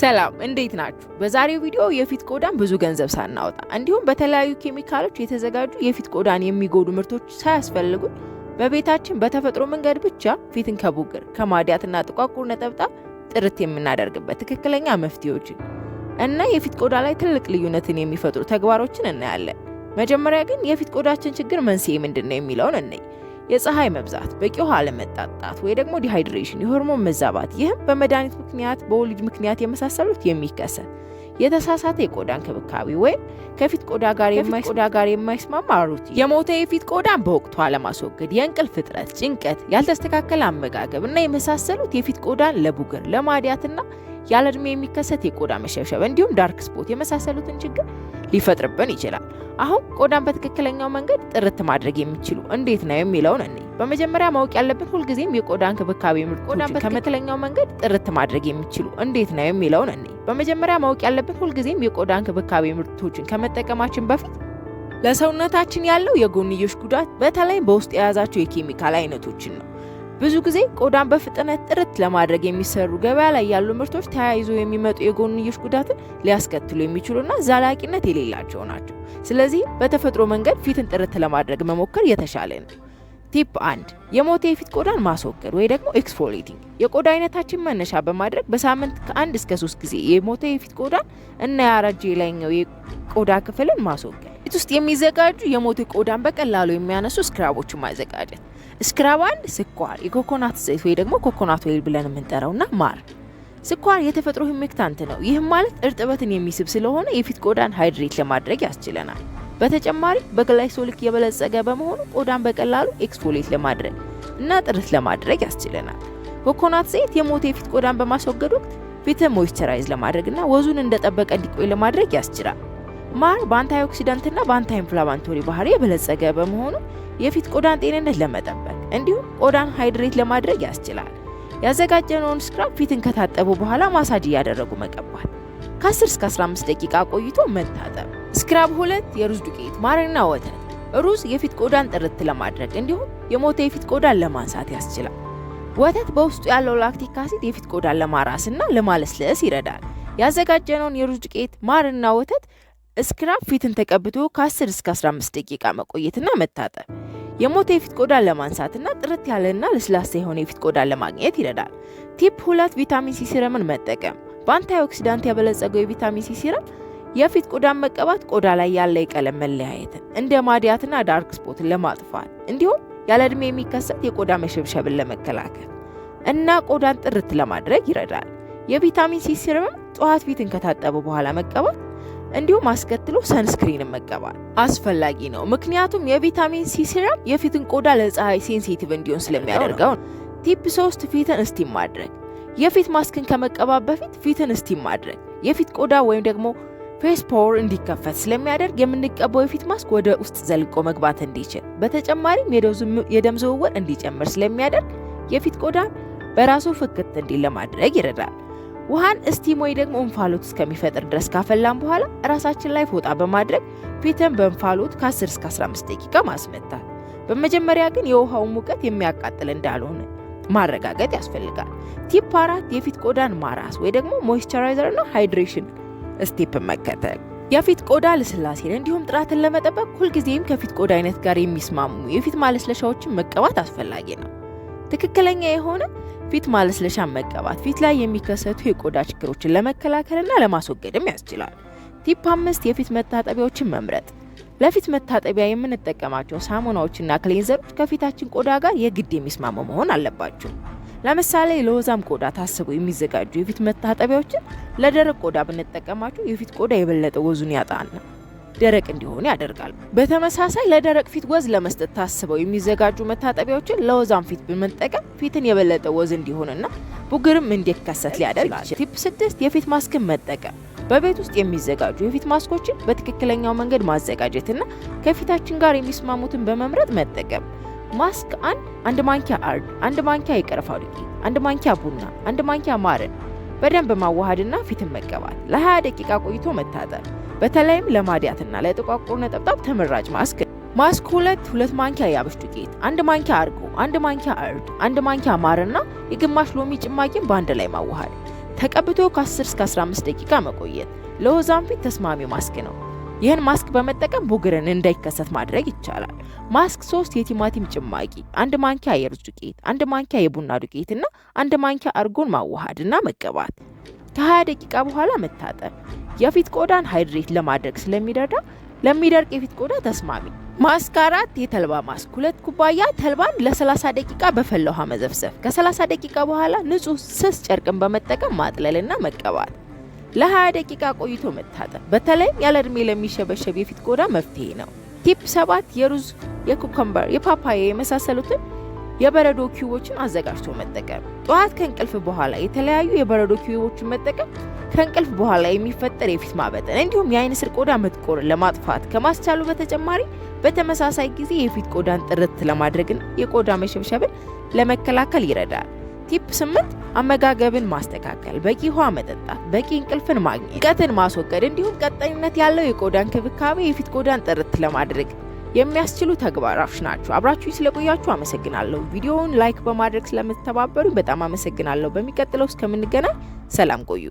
ሰላም እንዴት ናችሁ? በዛሬው ቪዲዮ የፊት ቆዳን ብዙ ገንዘብ ሳናወጣ እንዲሁም በተለያዩ ኬሚካሎች የተዘጋጁ የፊት ቆዳን የሚጎዱ ምርቶች ሳያስፈልጉን በቤታችን በተፈጥሮ መንገድ ብቻ ፊትን ከቡግር ከማዲያትና ጥቋቁር ነጠብጣብ ጥርት የምናደርግበት ትክክለኛ መፍትሄዎችን እና የፊት ቆዳ ላይ ትልቅ ልዩነትን የሚፈጥሩ ተግባሮችን እናያለን። መጀመሪያ ግን የፊት ቆዳችን ችግር መንስኤ ምንድን ነው የሚለውን እንይ። የፀሐይ መብዛት፣ በቂ ውሃ አለመጣጣት ወይ ደግሞ ዲሃይድሬሽን፣ የሆርሞን መዛባት፣ ይህም በመድኃኒት ምክንያት፣ በወሊድ ምክንያት የመሳሰሉት የሚከሰት የተሳሳተ የቆዳ እንክብካቤ ወይም ከፊት ቆዳ ጋር ቆዳ ጋር የማይስማማ ሩቲን፣ የሞተ የፊት ቆዳን በወቅቱ አለማስወገድ፣ የእንቅልፍ እጥረት፣ ጭንቀት፣ ያልተስተካከለ አመጋገብ እና የመሳሰሉት የፊት ቆዳን ለቡግር ለማዲያትና ያለ ዕድሜ የሚከሰት የቆዳ መሸብሸብ እንዲሁም ዳርክ ስፖት የመሳሰሉትን ችግር ሊፈጥርብን ይችላል። አሁን ቆዳን በትክክለኛው መንገድ ጥርት ማድረግ የሚችሉ እንዴት ነው የሚለውን እኔ በመጀመሪያ ማወቅ ያለብን ሁልጊዜም የቆዳ እንክብካቤ ምርቶች ቆዳን በትክክለኛው መንገድ ጥርት ማድረግ የሚችሉ እንዴት ነው የሚለውን እኔ በመጀመሪያ ማወቅ ያለብን ሁልጊዜም የቆዳ እንክብካቤ ምርቶችን ከመጠቀማችን በፊት ለሰውነታችን ያለው የጎንዮሽ ጉዳት በተለይም በውስጥ የያዛቸው የኬሚካል አይነቶችን ነው። ብዙ ጊዜ ቆዳን በፍጥነት ጥርት ለማድረግ የሚሰሩ ገበያ ላይ ያሉ ምርቶች ተያይዞ የሚመጡ የጎንዮሽ ጉዳትን ሊያስከትሉ የሚችሉና ዘላቂነት የሌላቸው ናቸው። ስለዚህ በተፈጥሮ መንገድ ፊትን ጥርት ለማድረግ መሞከር የተሻለ ነው። ቲፕ አንድ የሞተ የፊት ቆዳን ማስወገድ ወይ ደግሞ ኤክስፎሊቲንግ። የቆዳ አይነታችን መነሻ በማድረግ በሳምንት ከአንድ እስከ ሶስት ጊዜ የሞተ የፊት ቆዳን እና ያረጀ የላይኛው የቆዳ ክፍልን ማስወገድ ቤት ውስጥ የሚዘጋጁ የሞት ቆዳን በቀላሉ የሚያነሱ ስክራቦችን ማዘጋጀት። ስክራብ አንድ ስኳር፣ የኮኮናት ዘይት ወይ ደግሞ ኮኮናት ኦይል ብለን የምንጠራውና ማር። ስኳር የተፈጥሮ ህምክታንት ነው። ይህም ማለት እርጥበትን የሚስብ ስለሆነ የፊት ቆዳን ሃይድሬት ለማድረግ ያስችለናል። በተጨማሪ በግላይሶሊክ የበለጸገ በመሆኑ ቆዳን በቀላሉ ኤክስፎሌት ለማድረግ እና ጥርት ለማድረግ ያስችለናል። ኮኮናት ዘይት የሞተ የፊት ቆዳን በማስወገድ ወቅት ፊትን ሞይስቸራይዝ ለማድረግ እና ወዙን እንደጠበቀ እንዲቆይ ለማድረግ ያስችላል። ማር በአንታይ ኦክሲዳንትና በአንታይ ኢንፍላማቶሪ ባህሪ የበለጸገ በመሆኑ የፊት ቆዳን ጤንነት ለመጠበቅ እንዲሁም ቆዳን ሃይድሬት ለማድረግ ያስችላል። ያዘጋጀነውን ስክራብ ፊትን ከታጠቡ በኋላ ማሳጅ እያደረጉ መቀባት፣ ከ10 እስከ 15 ደቂቃ ቆይቶ መታጠብ። ስክራብ ሁለት የሩዝ ዱቄት፣ ማርና ወተት። ሩዝ የፊት ቆዳን ጥርት ለማድረግ እንዲሁም የሞተ የፊት ቆዳን ለማንሳት ያስችላል። ወተት በውስጡ ያለው ላክቲክ አሲድ የፊት ቆዳን ለማራስና ለማለስለስ ይረዳል። ያዘጋጀነውን የሩዝ ዱቄት፣ ማርና ወተት ስክራፕ ፊትን ተቀብቶ ከ10 እስከ 15 ደቂቃ መቆየትና መታጠብ የሞተ የፊት ቆዳን ለማንሳትና ጥርት ያለና ለስላሳ የሆነ የፊት ቆዳን ለማግኘት ይረዳል። ቲፕ ሁለት ቪታሚን ሲ ሲረምን መጠቀም በአንታይ ኦክሲዳንት ያበለጸገው የቪታሚን ሲ ሲረም የፊት ቆዳን መቀባት ቆዳ ላይ ያለ የቀለም መለያየትን እንደ ማዲያትና ዳርክ ስፖትን ለማጥፋት እንዲሁም ያለ እድሜ የሚከሰት የቆዳ መሸብሸብን ለመከላከል እና ቆዳን ጥርት ለማድረግ ይረዳል። የቪታሚን ሲ ሲረም ጠዋት ፊትን ከታጠቡ በኋላ መቀባት እንዲሁም አስከትሎ ሰንስክሪን መቀባል አስፈላጊ ነው። ምክንያቱም የቪታሚን ሲ ሲራም የፊትን ቆዳ ለፀሐይ ሴንሲቲቭ እንዲሆን ስለሚያደርገው። ነው። ቲፕ 3 ፊትን እስቲም ማድረግ። የፊት ማስክን ከመቀባት በፊት ፊትን እስቲም ማድረግ የፊት ቆዳ ወይም ደግሞ ፌስ ፓወር እንዲከፈት ስለሚያደርግ የምንቀባው የፊት ማስክ ወደ ውስጥ ዘልቆ መግባት እንዲችል በተጨማሪም የደም ዝውውር እንዲጨምር ስለሚያደርግ የፊት ቆዳን በራሱ ፍክት እንዲል ለማድረግ ይረዳል። ውሃን እስቲም ወይ ደግሞ እንፋሎት እስከሚፈጥር ድረስ ካፈላን በኋላ ራሳችን ላይ ፎጣ በማድረግ ፊትን በእንፋሎት ከ10 እስከ 15 ደቂቃ ማስመታት። በመጀመሪያ ግን የውሃውን ሙቀት የሚያቃጥል እንዳልሆነ ማረጋገጥ ያስፈልጋል። ቲፕ አራት የፊት ቆዳን ማራስ ወይ ደግሞ ሞይስቸራይዘርና ሃይድሬሽን ስቴፕ መከተል የፊት ቆዳ ልስላሴን እንዲሁም ጥራትን ለመጠበቅ ሁልጊዜም ከፊት ቆዳ አይነት ጋር የሚስማሙ የፊት ማለስለሻዎችን መቀባት አስፈላጊ ነው። ትክክለኛ የሆነ ፊት ማለስለሻ መቀባት ፊት ላይ የሚከሰቱ የቆዳ ችግሮችን ለመከላከልና ለማስወገድም ያስችላል። ቲፕ አምስት የፊት መታጠቢያዎችን መምረጥ ለፊት መታጠቢያ የምንጠቀማቸው ሳሙናዎችና ክሌንዘሮች ከፊታችን ቆዳ ጋር የግድ የሚስማሙ መሆን አለባቸው። ለምሳሌ ለወዛም ቆዳ ታስበው የሚዘጋጁ የፊት መታጠቢያዎችን ለደረቅ ቆዳ ብንጠቀማቸው የፊት ቆዳ የበለጠ ወዙን ያጣና ደረቅ እንዲሆኑ ያደርጋል። በተመሳሳይ ለደረቅ ፊት ወዝ ለመስጠት ታስበው የሚዘጋጁ መታጠቢያዎችን ለወዛም ፊት በመጠቀም ፊትን የበለጠ ወዝ እንዲሆንና ቡግርም እንዲከሰት ሊያደርጋል። ቲፕ ስድስት የፊት ማስክን መጠቀም በቤት ውስጥ የሚዘጋጁ የፊት ማስኮችን በትክክለኛው መንገድ ማዘጋጀትና ከፊታችን ጋር የሚስማሙትን በመምረጥ መጠቀም። ማስክ አንድ አንድ ማንኪያ አርድ፣ አንድ ማንኪያ የቀረፋ ዱቄት፣ አንድ ማንኪያ ቡና፣ አንድ ማንኪያ ማርን በደንብ ማዋሃድና ፊትን መቀባት፣ ለ20 ደቂቃ ቆይቶ መታጠብ በተለይም ለማዲያትና ለጥቋቁር ነጠብጣብ ተመራጭ ማስክ ማስክ ሁለት ሁለት ማንኪያ የአብሽ ዱቄት፣ አንድ ማንኪያ አርጎ፣ አንድ ማንኪያ እርድ፣ አንድ ማንኪያ ማርና የግማሽ ሎሚ ጭማቂን በአንድ ላይ ማዋሃድ ተቀብቶ ከ10 እስከ 15 ደቂቃ መቆየት ፊት ተስማሚ ማስክ ነው። ይህን ማስክ በመጠቀም ቡግርን እንዳይከሰት ማድረግ ይቻላል። ማስክ ሶስት የቲማቲም ጭማቂ፣ አንድ ማንኪያ የሩዝ ዱቄት፣ አንድ ማንኪያ የቡና ዱቄትና አንድ ማንኪያ አርጎን ማዋሃድና መቀባት ከ20 ደቂቃ በኋላ መታጠብ የፊት ቆዳን ሃይድሬት ለማድረግ ስለሚረዳ ለሚደርቅ የፊት ቆዳ ተስማሚ። ማስክ አራት የተልባ ማስክ ሁለት ኩባያ ተልባን ለ30 ደቂቃ በፈላ ውሃ መዘፍዘፍ፣ ከ30 ደቂቃ በኋላ ንጹህ ስስ ጨርቅን በመጠቀም ማጥለልና መቀባት፣ ለ20 ደቂቃ ቆይቶ መታጠብ በተለይም ያለ እድሜ ለሚሸበሸብ የፊት ቆዳ መፍትሄ ነው። ቲፕ ሰባት የሩዝ የኩከምበር የፓፓያ የመሳሰሉትን የበረዶ ኪዩቦችን አዘጋጅቶ መጠቀም። ጠዋት ከእንቅልፍ በኋላ የተለያዩ የበረዶ ኪዩቦችን መጠቀም ከእንቅልፍ በኋላ የሚፈጠር የፊት ማበጠን እንዲሁም የአይን ስር ቆዳ መጥቆር ለማጥፋት ከማስቻሉ በተጨማሪ በተመሳሳይ ጊዜ የፊት ቆዳን ጥርት ለማድረግና የቆዳ መሸብሸብን ለመከላከል ይረዳል። ቲፕ ስምንት አመጋገብን ማስተካከል፣ በቂ ውሃ መጠጣት፣ በቂ እንቅልፍን ማግኘት፣ ቀትን ማስወገድ እንዲሁም ቀጣይነት ያለው የቆዳ እንክብካቤ የፊት ቆዳን ጥርት ለማድረግ የሚያስችሉ ተግባራት ናቸው። አብራችሁ ስለቆያችሁ አመሰግናለሁ። ቪዲዮውን ላይክ በማድረግ ስለምትተባበሩ በጣም አመሰግናለሁ። በሚቀጥለው እስከምንገናኝ ሰላም ቆዩ።